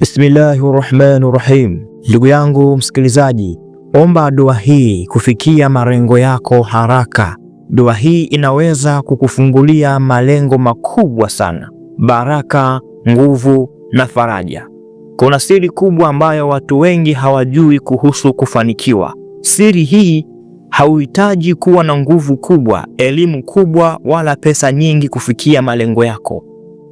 Bismillahi rahmani rahim. Ndugu yangu msikilizaji, omba dua hii kufikia malengo yako haraka. Dua hii inaweza kukufungulia malengo makubwa sana, baraka, nguvu na faraja. Kuna siri kubwa ambayo watu wengi hawajui kuhusu kufanikiwa. Siri hii hauhitaji kuwa na nguvu kubwa, elimu kubwa, wala pesa nyingi kufikia malengo yako.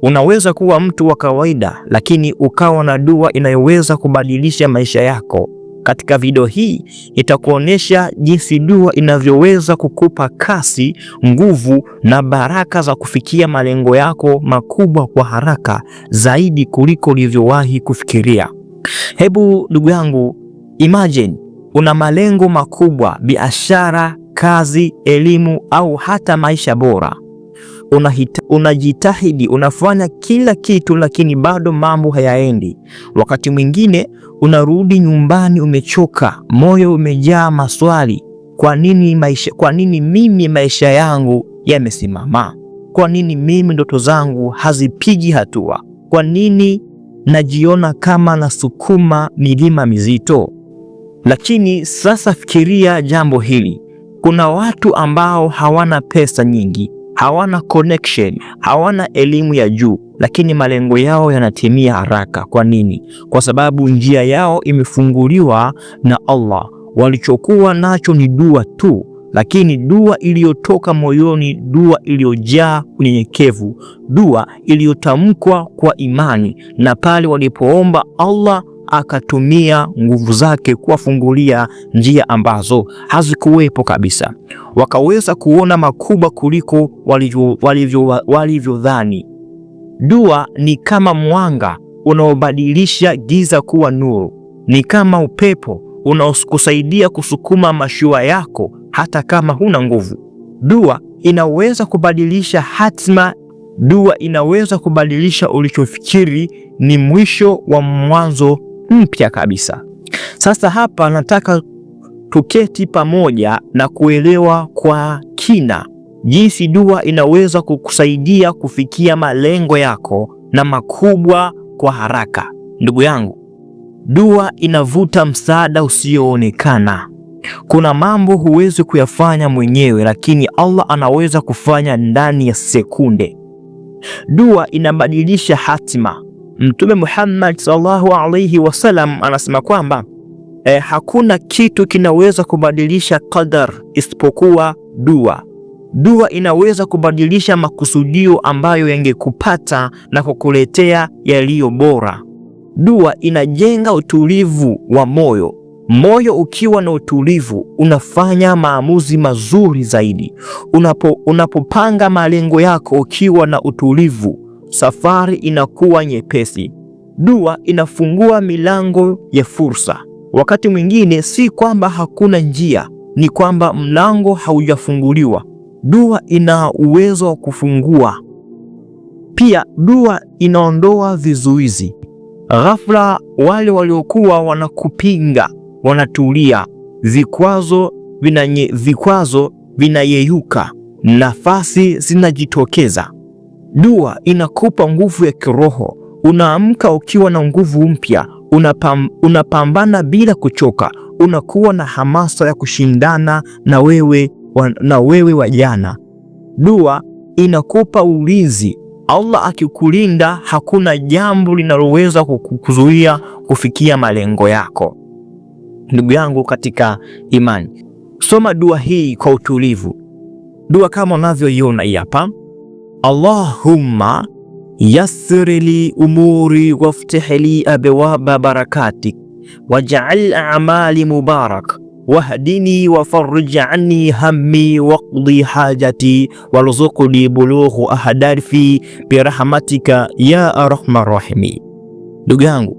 Unaweza kuwa mtu wa kawaida lakini ukawa na dua inayoweza kubadilisha maisha yako. Katika video hii itakuonyesha jinsi dua inavyoweza kukupa kasi, nguvu na baraka za kufikia malengo yako makubwa kwa haraka zaidi kuliko ulivyowahi kufikiria. Hebu ndugu yangu, imagine una malengo makubwa, biashara, kazi, elimu au hata maisha bora unajitahidi unafanya kila kitu, lakini bado mambo hayaendi. Wakati mwingine unarudi nyumbani umechoka, moyo umejaa maswali. Kwa nini maisha, kwa nini mimi maisha yangu yamesimama? Kwa nini mimi ndoto zangu hazipigi hatua? Kwa nini najiona kama nasukuma milima mizito? Lakini sasa fikiria jambo hili. Kuna watu ambao hawana pesa nyingi, hawana connection, hawana elimu ya juu, lakini malengo yao yanatimia haraka. Kwa nini? Kwa sababu njia yao imefunguliwa na Allah. Walichokuwa nacho ni dua tu, lakini dua iliyotoka moyoni, dua iliyojaa unyenyekevu, dua iliyotamkwa kwa imani, na pale walipoomba Allah akatumia nguvu zake kuwafungulia njia ambazo hazikuwepo kabisa. Wakaweza kuona makubwa kuliko walivyodhani walivyo, walivyo. Dua ni kama mwanga unaobadilisha giza kuwa nuru, ni kama upepo unaokusaidia kusukuma mashua yako hata kama huna nguvu. Dua inaweza kubadilisha hatima. Dua inaweza kubadilisha ulichofikiri ni mwisho wa mwanzo mpya kabisa. Sasa hapa nataka tuketi pamoja na kuelewa kwa kina jinsi dua inaweza kukusaidia kufikia malengo yako na makubwa kwa haraka. Ndugu yangu, dua inavuta msaada usioonekana. Kuna mambo huwezi kuyafanya mwenyewe, lakini Allah anaweza kufanya ndani ya sekunde. Dua inabadilisha hatima. Mtume Muhammad sallallahu alayhi wasallam anasema kwamba eh, hakuna kitu kinaweza kubadilisha qadar isipokuwa dua. Dua inaweza kubadilisha makusudio ambayo yangekupata na kukuletea yaliyo bora. Dua inajenga utulivu wa moyo. Moyo ukiwa na utulivu, unafanya maamuzi mazuri zaidi. Unapo, unapopanga malengo yako ukiwa na utulivu safari inakuwa nyepesi. Dua inafungua milango ya fursa. Wakati mwingine si kwamba hakuna njia, ni kwamba mlango haujafunguliwa. Dua ina uwezo wa kufungua. Pia dua inaondoa vizuizi. Ghafla wale waliokuwa wanakupinga wanatulia, vikwazo vinanye, vikwazo vinayeyuka, nafasi zinajitokeza. Dua inakupa nguvu ya kiroho. Unaamka ukiwa na nguvu mpya, unapam, unapambana bila kuchoka, unakuwa na hamasa ya kushindana na wewe wa, na wewe wa jana. Dua inakupa ulinzi. Allah akikulinda, hakuna jambo linaloweza kukuzuia kufikia malengo yako. Ndugu yangu katika imani, soma dua hii kwa utulivu. Dua kama unavyoiona hapa Allahumma yassirli umuri waftihli abwaba barakatik waj'al a'mali mubarak wahdini wafarij anni hammi waqdi hajati warzuqni bulughu ahdafi birahmatika ya arhamar rahimin. Ndugu yangu,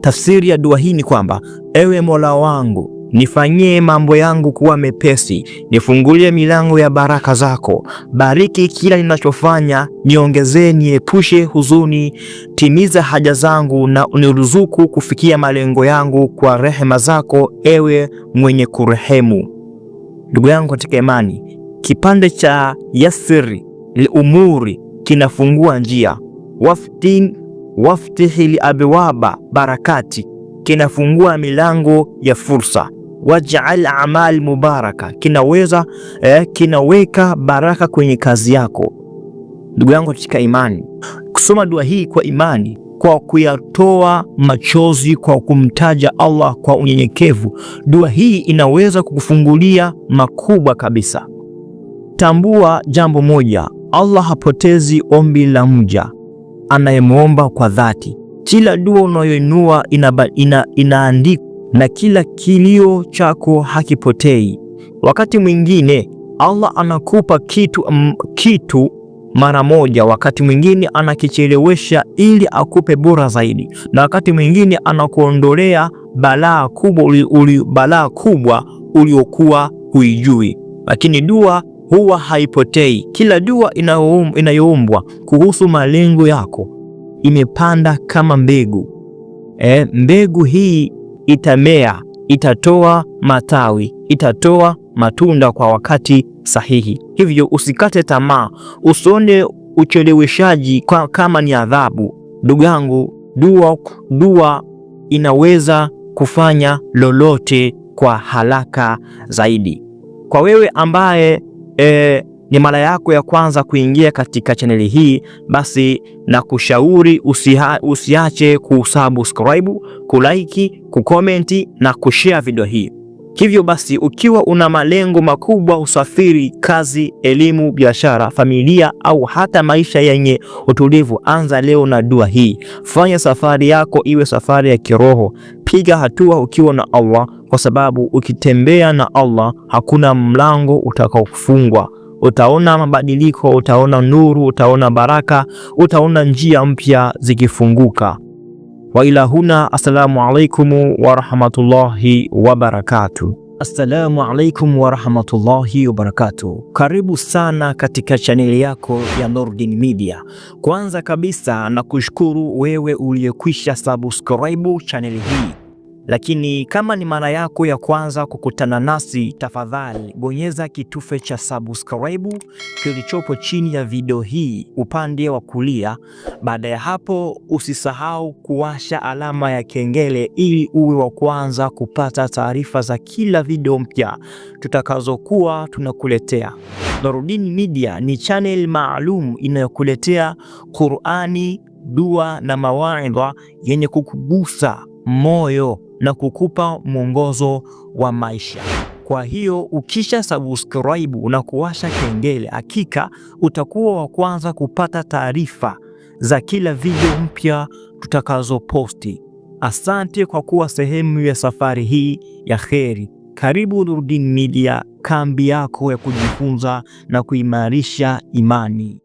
tafsiri ya dua hii ni kwamba ewe Mola wangu Nifanyie mambo yangu kuwa mepesi, nifungulie milango ya baraka zako. Bariki kila ninachofanya, niongezee, niepushe huzuni. Timiza haja zangu na uniruzuku kufikia malengo yangu kwa rehema zako, ewe mwenye kurehemu. Ndugu yangu katika imani, kipande cha yasiri liumuri kinafungua njia. Waftin, waftihi liabwaba barakati kinafungua milango ya fursa waj'al a'mal mubaraka, kinaweza eh, kinaweka baraka kwenye kazi yako. Ndugu yangu katika imani, kusoma dua hii kwa imani kwa kuyatoa machozi, kwa kumtaja Allah kwa unyenyekevu, dua hii inaweza kukufungulia makubwa kabisa. Tambua jambo moja, Allah hapotezi ombi la mja anayemwomba kwa dhati. Kila dua unayoinua ina, ina, na kila kilio chako hakipotei. Wakati mwingine Allah anakupa kitu, m, mm, kitu mara moja, wakati mwingine anakichelewesha ili akupe bora zaidi, na wakati mwingine anakuondolea balaa kubwa uli, uli, balaa kubwa uliokuwa huijui, lakini dua huwa haipotei. Kila dua inayoumbwa kuhusu malengo yako imepanda kama mbegu. E, mbegu hii itamea, itatoa matawi, itatoa matunda kwa wakati sahihi. Hivyo usikate tamaa, usione ucheleweshaji kama ni adhabu. Ndugu yangu, dua, dua inaweza kufanya lolote kwa haraka zaidi. Kwa wewe ambaye e, ni mara yako ya kwanza kuingia katika chaneli hii, basi na kushauri usiha, usiache kusubscribe, kulike, kukomenti na kushare video hii. Hivyo basi ukiwa una malengo makubwa, usafiri, kazi, elimu, biashara, familia au hata maisha yenye utulivu, anza leo na dua hii. Fanya safari yako iwe safari ya kiroho. Piga hatua ukiwa na Allah, kwa sababu ukitembea na Allah hakuna mlango utakaofungwa utaona mabadiliko, utaona nuru, utaona baraka, utaona njia mpya zikifunguka. Wa ila huna, assalamu alaikum wa rahmatullahi wa barakatuh. Assalamu alaikum warahmatullahi wabarakatuh. Karibu sana katika chaneli yako ya Nurdin Media. Kwanza kabisa na kushukuru wewe uliyekwisha subscribe chaneli hii. Lakini kama ni mara yako ya kwanza kukutana nasi, tafadhali bonyeza kitufe cha subscribe kilichopo chini ya video hii upande wa kulia. Baada ya hapo, usisahau kuwasha alama ya kengele ili uwe wa kwanza kupata taarifa za kila video mpya tutakazokuwa tunakuletea. Nurdin Media ni channel maalum inayokuletea Qur'ani, dua na mawaidha yenye kukugusa moyo na kukupa mwongozo wa maisha. Kwa hiyo ukisha subscribe na kuwasha kengele, hakika utakuwa wa kwanza kupata taarifa za kila video mpya tutakazoposti. Asante kwa kuwa sehemu ya safari hii ya kheri. Karibu Nurdin Media, kambi yako ya kujifunza na kuimarisha imani.